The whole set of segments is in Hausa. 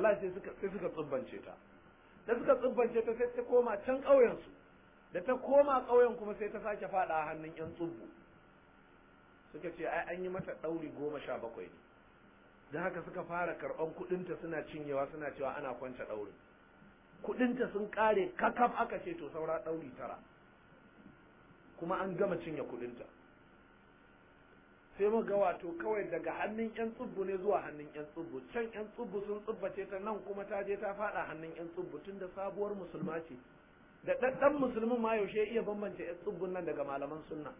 Allah sai suka sai suka tsubbance ta da suka tsubbance ta sai ta koma can ƙauyen su da ta koma ƙauyen kuma sai ta sake faɗa a hannun yan tsubbu suka ce ai an yi mata ɗauri goma sha bakwai ne Da haka suka fara karɓan kuɗinta suna cinyewa suna cewa ana kwance ɗaurin kuɗinta sun kare, kakaf aka ce to saura ɗauri tara kuma an gama cinye kuɗinta sai mu ga wato kawai daga hannun yan tsubbu ne zuwa hannun yan tsubbu can yan tsubbu sun tsubbace ta nan kuma ta je ta fada hannun yan tsubbu da sabuwar musulma ce da ɗanɗan musulmin ma yaushe iya bambance yan tsubbun nan daga malaman sunna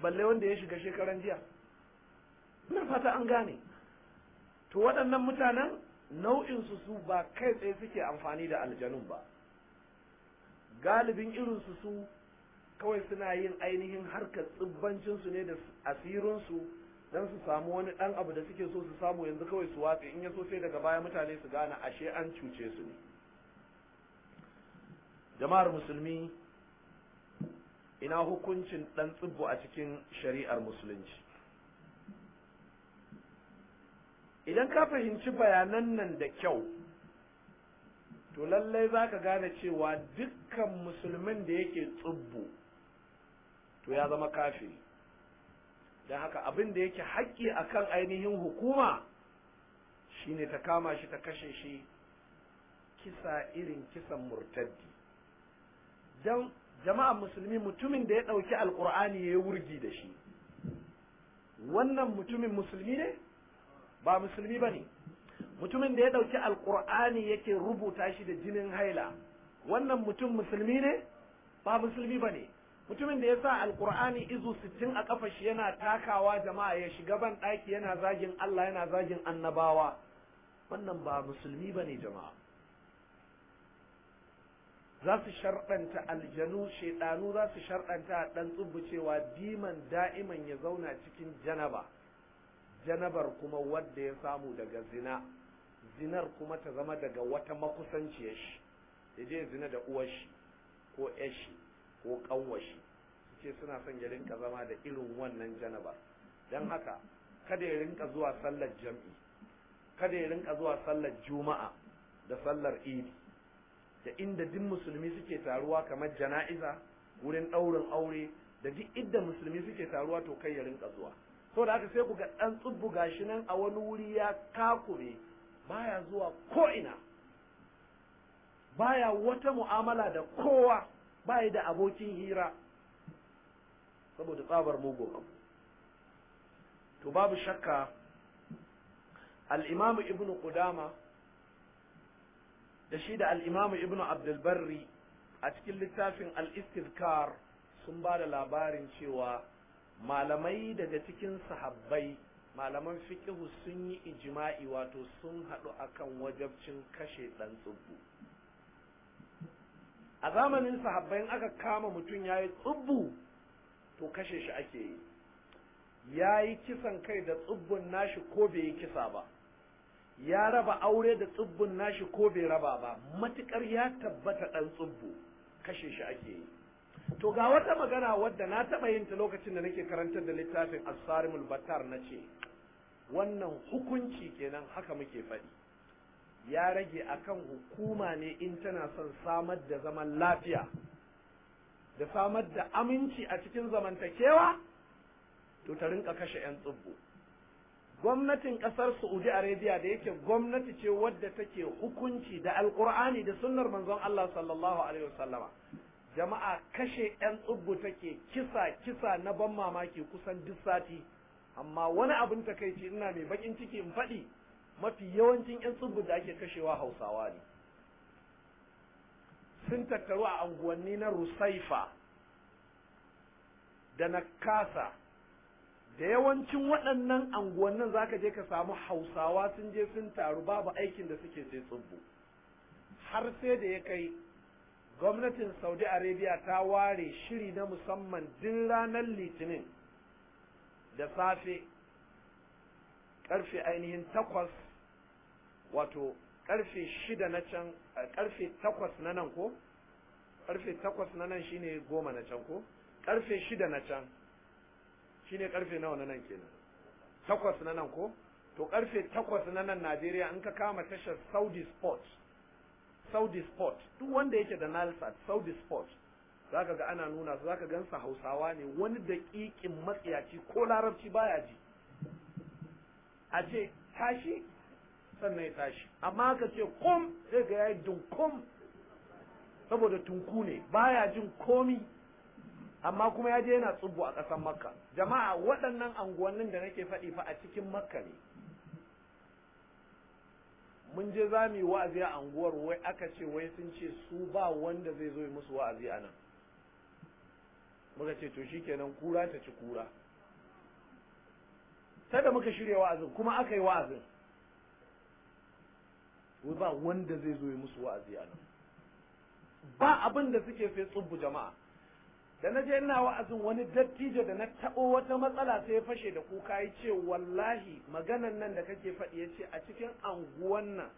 balle wanda ya shiga shekaran jiya ina fata an gane to waɗannan mutanen nau'in su ba kai tsaye suke amfani da aljanun ba galibin irinsu su kawai suna yin ainihin harkar tsibbancinsu ne da asirinsu don su samu wani ɗan abu da suke so su samu yanzu kawai su watse in ya so sai daga baya mutane su gane ashe an cuce su ne jama'ar musulmi ina hukuncin ɗan tsibbu a cikin shari'ar musulunci idan ka fahimci bayanan nan da kyau to lallai za ka gane cewa dukkan musulmin da yake tsibbu to ya zama kafiri don haka abin da yake haƙƙi a kan ainihin hukuma shine ta kama shi ta kashe shi kisa irin kisan murtaddi don jama'a musulmi mutumin da ya ɗauki Alƙur'ani ya yi wurgi da shi wannan mutumin musulmi ne ba musulmi ba ne mutumin da ya ɗauki alƙur'ani yake rubuta shi da jinin haila wannan mutum musulmi ne ba musulmi ba ne mutumin da ya sa alkur'ani izu sittin a kafa shi yana takawa jama'a ya shiga ban ɗaki yana zagin Allah yana zagin annabawa wannan ba musulmi ba ne jama'a za su sharɗanta aljanu shaiɗanu za su sharɗanta ɗan tsubbu cewa diman da'iman ya zauna cikin janaba janabar kuma wadda ya samu daga zina zinar kuma ta zama daga wata makusanciyar shi ya je zina da uwar shi ko 'yar shi ko kawashi su ce suna son ya rinka zama da irin wannan janaba don haka kada ya rinka zuwa sallar jam'i kada ya rinka zuwa sallar juma'a da sallar idi da inda duk musulmi suke taruwa kamar jana'iza wurin ɗaurin aure da duk inda musulmi suke taruwa to kai ya rinka zuwa sau da haka sai ku ga ɗan tsubbu gashi nan a wani wuri ya kakure baya zuwa ko'ina, ina baya wata mu'amala da kowa ba da abokin hira saboda tsabar mugun to babu shakka al'imamu ibn Qudama da shi da al'imamu ibn abdulbarri a cikin littafin al'istizkar sun ba da labarin cewa malamai daga cikin sahabbai malaman fikihu sun yi ijima'i wato sun haɗu akan wajabcin kashe ɗan tsubbu a zamanin sahabbai aka kama mutum ya yi tsubbu to kashe shi ake yi ya yi kisan kai da tsubbun nashi ko bai yi kisa ba ya raba aure da tsubbun nashi ko bai raba ba matukar ya tabbata ɗan tsubbu kashe shi ake yi to ga wata magana wadda na taɓa yin ta lokacin da nake karantar da littafin asarimul battar na ce wannan hukunci kenan haka muke faɗi ya rage akan hukuma ne in tana son samar da zaman lafiya da samar da aminci a cikin zamantakewa to ta rinka kashe 'yan tsubbu gwamnatin ƙasar saudi arabia da yake gwamnati ce wadda take hukunci da alkur'ani da sunnar manzon allah sallallahu alaihi wasallama jama'a kashe 'yan tsubbu take kisa kisa na ban mamaki kusan duk sati amma wani abin takaici ina mai bakin ciki in faɗi mafi yawancin 'yan tsibbin da ake kashewa hausawa ne sun tattaru a anguwanni na rusaifa da na Kasa, da yawancin waɗannan anguwannin za ka je ka samu hausawa sun je sun taru babu aikin da suke sai tsibbu har sai da ya kai gwamnatin saudi arabia ta ware shiri na musamman din ranar litinin da safe ƙarfe ainihin takwas wato karfe shida na can karfe takwas na nan ko karfe takwas na nan shine goma na can ko karfe shida na can shine karfe nawa na nan kenan takwas na nan ko to karfe takwas na nan Najeriya in ka kama tashar Saudi Sport Saudi Sport duk wanda yake da Nalsat Saudi Sport zaka ga ana nuna su zaka gansa Hausawa ne wani daƙiƙin matsiyaci ko larabci baya ji a ce tashi sannan ya tashi amma ka ce kum sai ga yayi dunkum saboda tunku ne baya jin komi amma kuma ya je yana tsubu a ƙasan makka jama'a waɗannan anguwannin da nake faɗi fa a cikin makka ne mun je za mu yi wa'azi a anguwar wai aka ce wai sun ce su ba wanda zai zo musu wa'azi a nan muka ce to shikenan kura ta ci kura sai da muka shirya wa'azin kuma aka yi wa'azin wai ba wanda zai zo ya musu wa'azi a nan ba abin da suke sai tsubbu jama'a da na je ina wa'azin wani dattijo da na taɓo wata matsala sai ya fashe da kuka ya ce wallahi maganan nan da kake faɗi ya ce a cikin anguwan nan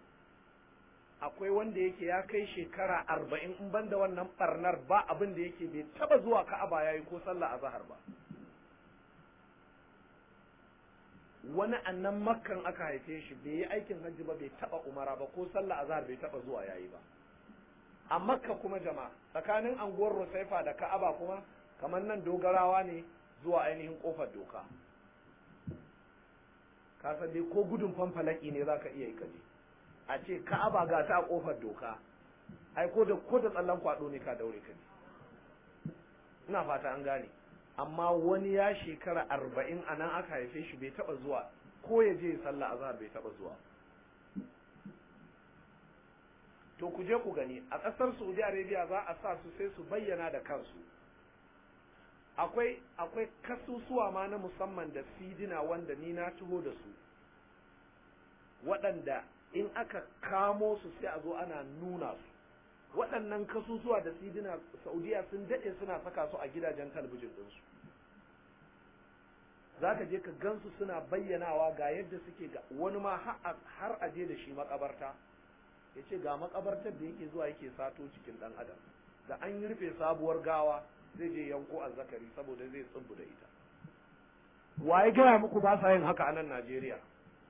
akwai wanda yake ya kai shekara arba'in in banda wannan ɓarnar ba abin da yake bai taɓa zuwa ka'aba ya yi ko sallah a zahar ba wani annan makkan aka haife shi bai yi aikin hajji ba bai taba umara ba ko sallah azhar bai taba zuwa yayi ba a makka kuma jama'a tsakanin anguwar rusaifa da ka'aba kuma kamar nan dogarawa ne zuwa ainihin kofar doka ka san dai ko gudun fanfalaki ne zaka iya yi kaje a ce ka'aba ga ta kofar doka ai ko da ko da tsallan kwado ne ka daure kaje ina fata an gane amma wani ya shekara arba'in a nan aka haife shi bai taɓa zuwa ko ya je sallah a bai taɓa zuwa to ku je ku gani a ƙasar saudi arabia za a sa su sai su bayyana da kansu akwai akwai kasusuwa ma na musamman da sidina wanda ni na tuho da su waɗanda in aka kamo su sai a zo ana nuna su waɗannan kasusuwa da sidina saudiya sun daɗe suna saka su a gidajen talabijin ɗinsu za ka je ka gansu suna bayyanawa ga yadda suke ga wani ma har a je da shi makabarta ya ce ga makabartar da yake zuwa yake sato cikin ɗan adam da an yi rufe sabuwar gawa zai je yanko Zakari saboda zai tsubu da ita waye gaya muku ba sa yin haka a nan najeriya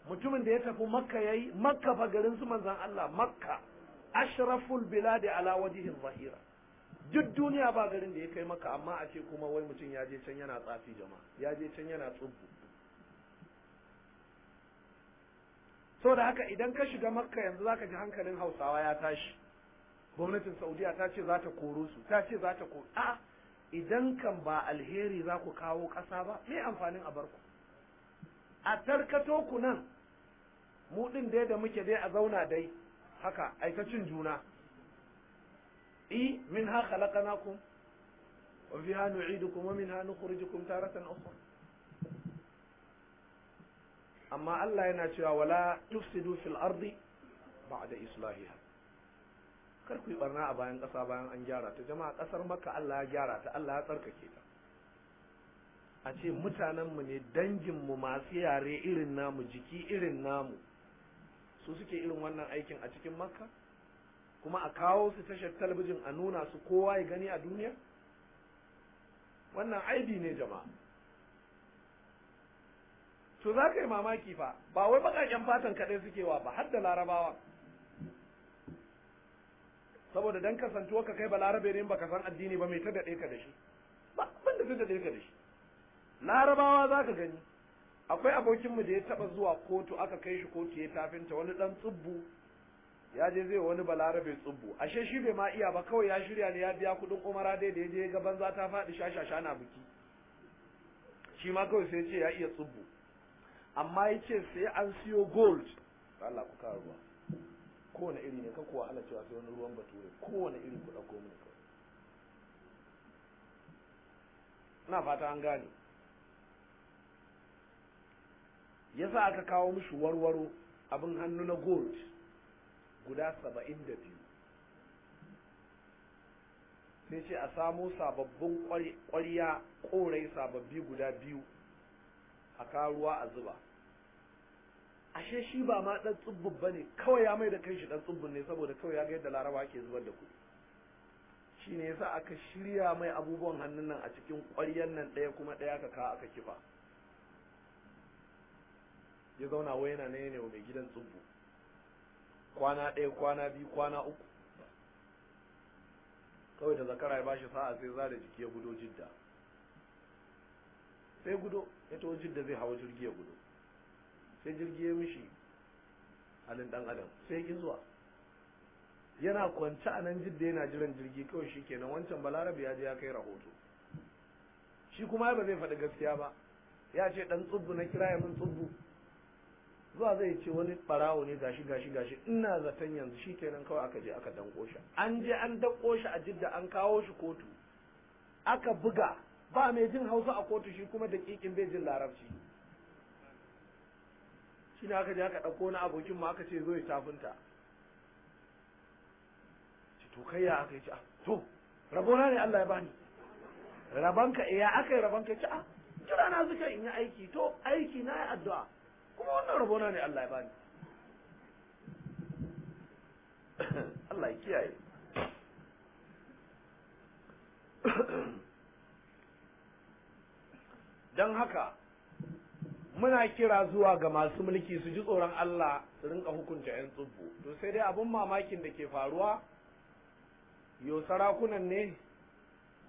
mutumin da ya tafi makka ya yi, makka fa garin su manzon allah makka ashraful biladi ala wajihin zahira duk duniya ba garin da ya kai maka amma a ce kuma wai mutum ya je can yana tsafi jama'a ya je can yana tsubbu so da haka idan ka shiga makka yanzu zaka ji hankalin hausawa ya tashi gwamnatin saudiya ta ce za ta koro su ta ce za ta koro a idan kan ba alheri za ku kawo kasa ba me amfanin a barku a tarkato ku nan mu ɗin dai da muke dai a zauna dai haka aikacin juna i min ha kum wa ha nu'idukum wa ha nukhrijukum taratan ukhra amma Allah yana cewa wala tufsidu fil ardi ba'da islahiha kar ku yi barna a bayan ƙasa bayan an gyara ta jama'a ƙasar maka Allah ya gyara ta Allah ya tsarkake ta a ce mutanenmu ne danginmu masu yare irin namu jiki irin namu su suke irin wannan aikin a cikin makka kuma a kawo su tashar talabijin a nuna su kowa ya gani a duniya wannan aibi ne jama'a to za ka yi mamaki fa ba wai baƙaƙen fatan kaɗai suke wa ba har da larabawa saboda dan kasantuwa ka kai ba larabe ne baka san addini ba mai ta daɗe ka da shi ba ban da ta daɗe ka da shi larabawa za ka gani akwai abokinmu da ya taba zuwa kotu aka kai shi kotu ya tafinta wani dan tsubbu ya je zai wani balarabe tsubbu ashe shi bai ma iya ba kawai ya shirya ne ya biya kudin umara dai da ya je ga banza ta faɗi shasha shana biki shi ma kawai sai ce ya iya tsubbu amma ya ce sai an siyo gold Allah ku kawo ruwa kowane iri ne ka kuwa ana cewa sai wani ruwan bature kowane iri ku ɗauko mini kawai na fata an gane Ya sa aka kawo mishi warwaro abin hannu na gold guda saba'in da biyu sai ce a samo sababbin ƙwarya ƙorai sababbi guda biyu a karuwa a zuba ashe shi ba ma ɗan tsubbin ba ne kawai ya mai da kai shi ɗan tsubbin ne saboda kawai ya ga yadda laraba ke zubar da kuɗi shi ne sa aka shirya mai abubuwan hannun nan a cikin ƙwaryan nan ɗaya kuma ɗaya ka kawo aka kifa ya zauna wai yana ne wa mai gidan tsubbu kwana ɗaya kwana biyu kwana uku kawai da zakara ya bashi sa'a sai za da jiki ya gudo jidda sai gudo ya to jidda zai hawa jirgi ya gudo sai jirgi ya mishi halin dan adam sai ki zuwa yana kwance a nan jidda yana jiran jirgi kawai shi kenan wancan balarabe ya je ya kai rahoto shi kuma ba zai faɗi gaskiya ba ya ce ɗan tsubbu na kira ya min tsubbu zuwa zai ce wani barawo ne gashi gashi gashi ina zaton yanzu shi kenan kawai aka je aka danko shi an je an danko shi a jidda an kawo shi kotu aka buga ba mai jin hausa a kotu shi kuma da kikin bai jin larabci shi ne aka je aka ɗauko na abokin mu aka ce zo ya tafinta to kai ya aka yi ci ah, to rabona ne Allah ya bani rabanka eh, ya aka yi rabanka ci a ah, kira na zuka in yi aiki to aiki na yi addu'a kuma wannan na ne Allah ya bani Allah ya kiyaye don haka muna kira zuwa ga masu mulki su ji tsoron Allah su rinka hukunta 'yan tsubbu to sai dai abin mamakin da ke faruwa yau sarakunan ne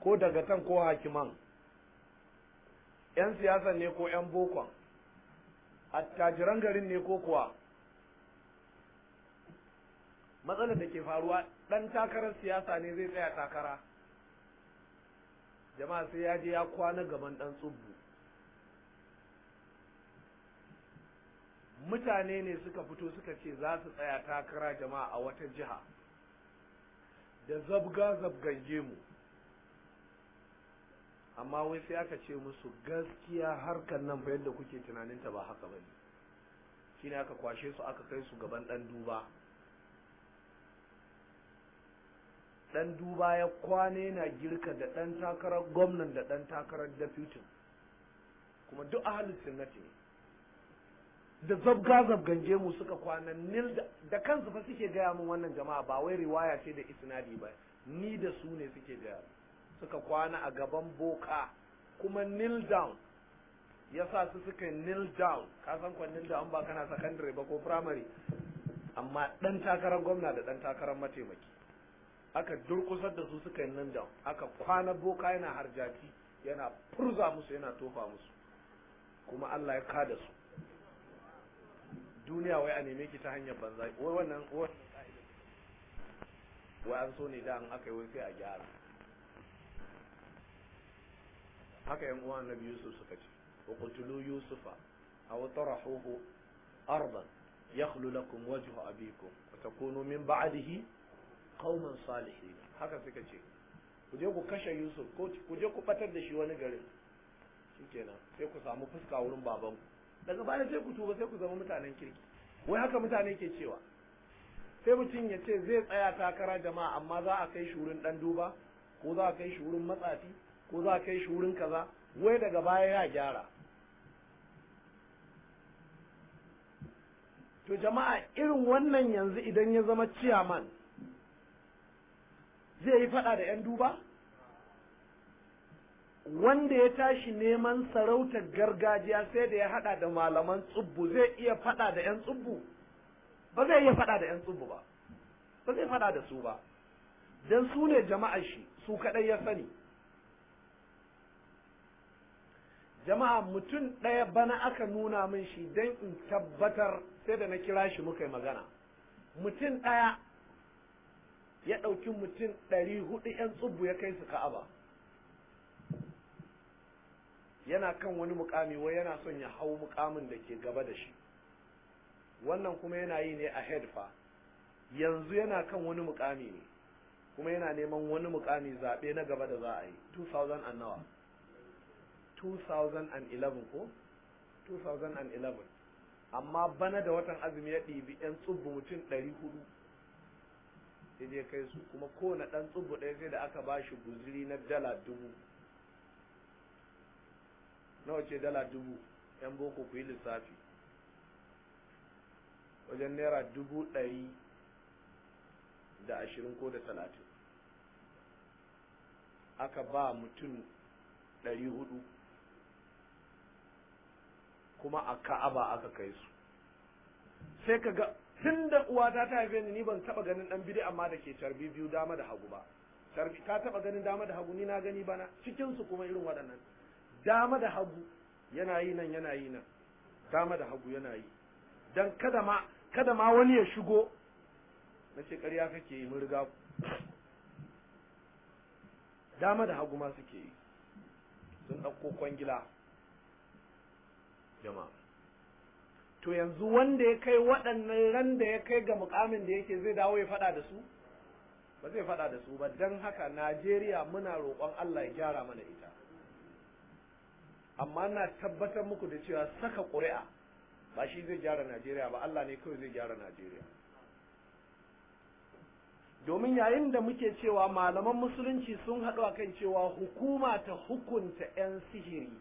ko daga tan ko hakiman 'yan siyasa ne ko 'yan bokon attajiran garin ne ko kuwa matsalar da ke faruwa ɗan takarar siyasa ne zai tsaya takara jama'a sai ya je ya kwana gaban ɗan tsubbu mutane ne suka fito suka ce za su tsaya takara jama'a a wata jiha da zabga zabgan gemu amma wai sai aka ce musu gaskiya harkar nan ba yadda kuke tunaninta ba haka bane ne aka kwashe su aka kai su gaban dan duba dan duba ya kwane na girka da dan takarar gwamnan da dan takarar deputy kuma duk a sunnati ne da zabga zabgan gemu suka kwana nil da kansu fa suke gaya min wannan jama'a ba wai riwaya ce da isnadi ba ni da su ne suke gaya suka kwana a gaban boka kuma kneel down ya sa su suka kneel down ka san kwa kneel down ba kana secondary ba ko primary amma dan takarar gwamna da dan takarar mataimaki aka durkusar da su suka yi down aka kwana boka yana harjaki yana furza musu yana tofa musu kuma Allah ya kada su duniya wai a neme ki ta hanyar banza wai wannan wai an so ne da an aka yi wai sai a gyara haka yan uwa annabi yusuf suka ce wa qutulu yusufa aw tarahuhu ardan yakhlu lakum wajhu abikum wa takunu min ba'dihi qauman salihin haka suka ce ku je ku kashe yusuf ko ku je ku batar da shi wani garin shikenan sai ku samu fuska wurin babanku daga baya sai ku tuba sai ku zama mutanen kirki wai haka mutane ke cewa sai mutum ya ce zai tsaya takara jama'a amma za a kai shi wurin dan duba ko za a kai shi wurin matsafi ko za ka kai shi wurin kaza wai daga baya ya gyara to jama'a irin wannan yanzu idan ya zama ciyaman zai yi fada da 'yan duba wanda ya tashi neman sarautar gargajiya sai da ya hada da malaman tsubbu zai iya fada da 'yan tsubbu ba zai iya fada da 'yan tsubbu ba ba zai fada da su ba don su ne jama'a shi su kaɗai ya sani jama'a mutum ɗaya bana aka nuna min shi don in tabbatar sai da na kira shi muka yi magana mutum ɗaya ya ɗauki mutum ɗari hudu ‘yan tsubu ya kai su ka'aba yana kan wani mukami wai yana son ya hau mukamin da ke gaba da shi wannan kuma yana yi ne a fa yanzu yana kan wani mukami ne kuma yana neman wani mukami zaɓe na gaba da za a yi 2000 nawa. 2011 ko 2011 amma bana da watan azumi ya ɗibi 'yan tsubbu mutum 400 sai je kai su kuma kowane ɗan tsubbu ɗaya sai da aka ba shi guziri na dala dubu nawa ce dala dubu 'yan boko ku yi lissafi wajen naira dubu ɗari da ashirin ko da talatin aka ba mutum ɗari hudu kuma a ka'aba aka kai su sai ka ga tun da uwata ta haife ni ban taba ganin dan bidi amma da ke carbi biyu dama da hagu ba carbi ka taba ganin dama da hagu ni na gani bana cikin su kuma irin waɗannan dama da hagu yana yi nan yana yi nan dama da hagu yana yi dan kada ma kada ma wani ya shigo na ce ƙarya kake yi mun riga ku dama da hagu ma suke yi sun ɗauko kwangila jama'a to yanzu wanda ya kai waɗannan ran da ya kai ga mukamin da yake zai dawo ya faɗa da su ba zai faɗa da su ba don haka najeriya muna roƙon allah ya gyara mana ita amma na tabbatar muku da cewa saka ƙuri'a ba shi zai gyara najeriya ba allah ne kawai zai gyara najeriya domin yayin da muke cewa malaman musulunci sun haɗu a kan cewa hukuma ta hukunta 'yan sihiri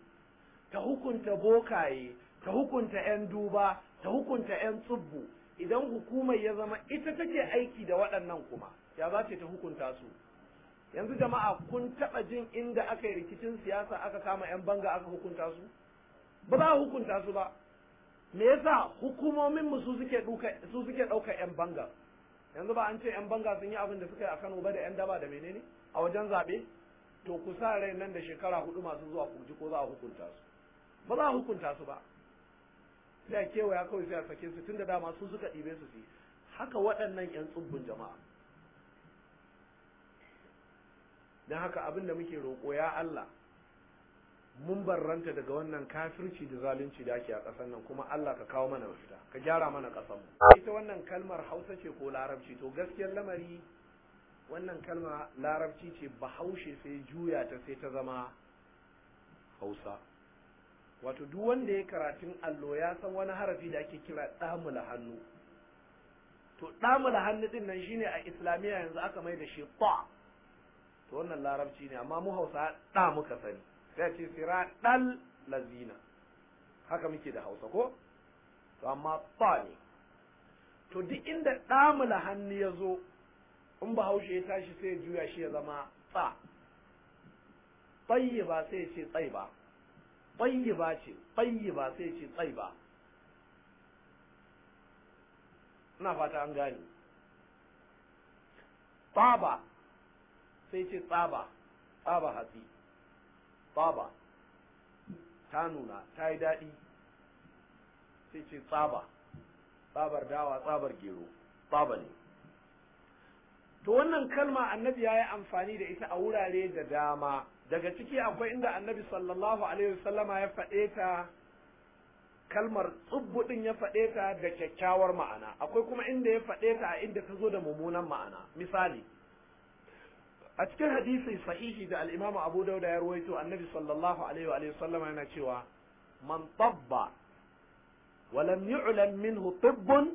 ta hukunta bokaye ta hukunta 'yan duba ta hukunta 'yan tsubbu idan hukumar ya zama ita take aiki da waɗannan kuma ya za ta hukunta su yanzu jama'a kun taɓa jin inda aka yi rikicin siyasa aka kama 'yan banga aka hukunta su ba za a hukunta su ba me yasa hukumomin mu su suke su ɗauka 'yan banga yanzu ba an ce 'yan banga sun yi abin da suka yi a Kano ba da 'yan daba da menene a wajen zaɓe to ku sa rai nan da shekara hudu masu zuwa ku ji ko za a hukunta su ba za a hukunta su ba sai a kewaya kawai sai a sake su tun da dama su suka ɗibe su su haka waɗannan ƴan tsubbin jama'a don haka abin da muke roƙo ya Allah mun barranta daga wannan kafirci da zalunci da ake a ƙasar nan kuma Allah ka kawo mana mafita ka gyara mana ƙasar mu ita wannan kalmar Hausa ce ko Larabci to gaskiyar lamari wannan kalma Larabci ce Bahaushe sai juya ta sai ta zama Hausa wato duk wanda ya karatun allo ya san wani harafi da ake kira damula hannu to damula hannu din nan shine a islamiyya yanzu aka mai da shi ta to wannan larabci ne amma mu hausa da muka sani sai ce sira dal lazina haka muke da hausa ko to amma ta ne to duk inda damula hannu ya zo in bahaushe ya tashi sai ya juya shi ya zama ta tsayi ba sai ya ce tsayi ba tsayyiba ce tsayyiba sai ce tsayyiba ina fata an gane tsaba sai ce tsaba tsaba hatsi tsaba ta nuna ta yi daɗi sai ce tsaba tsabar dawa tsabar gero tsaba ne to wannan kalma annabi ya yi amfani da ita a wurare da dama daga ciki akwai inda annabi sallallahu alaihi wasallama ya faɗe ta kalmar tsubbu ɗin ya faɗe ta da kyakkyawar ma'ana akwai kuma inda ya faɗe ta a inda ta zo da mummunan ma'ana misali a cikin hadisi sahihi da al'imam imamu abu dauda ya ruwaito annabi sallallahu alaihi wa sallama yana cewa man tabba wa lam yu'lam minhu tibbun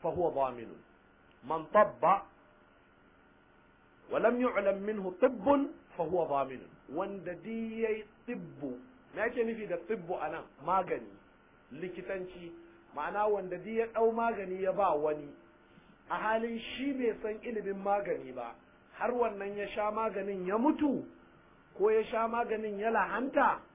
fa huwa dhaminun walam yu'lam minhu tibbun fa huwa zamin wanda di yayi me yake nufi da tibbu anan magani likitanci ma'ana wanda di ya dau magani ya ba wani a halin shi bai san ilimin magani ba har wannan ya sha maganin ya mutu ko ya sha maganin ya lahanta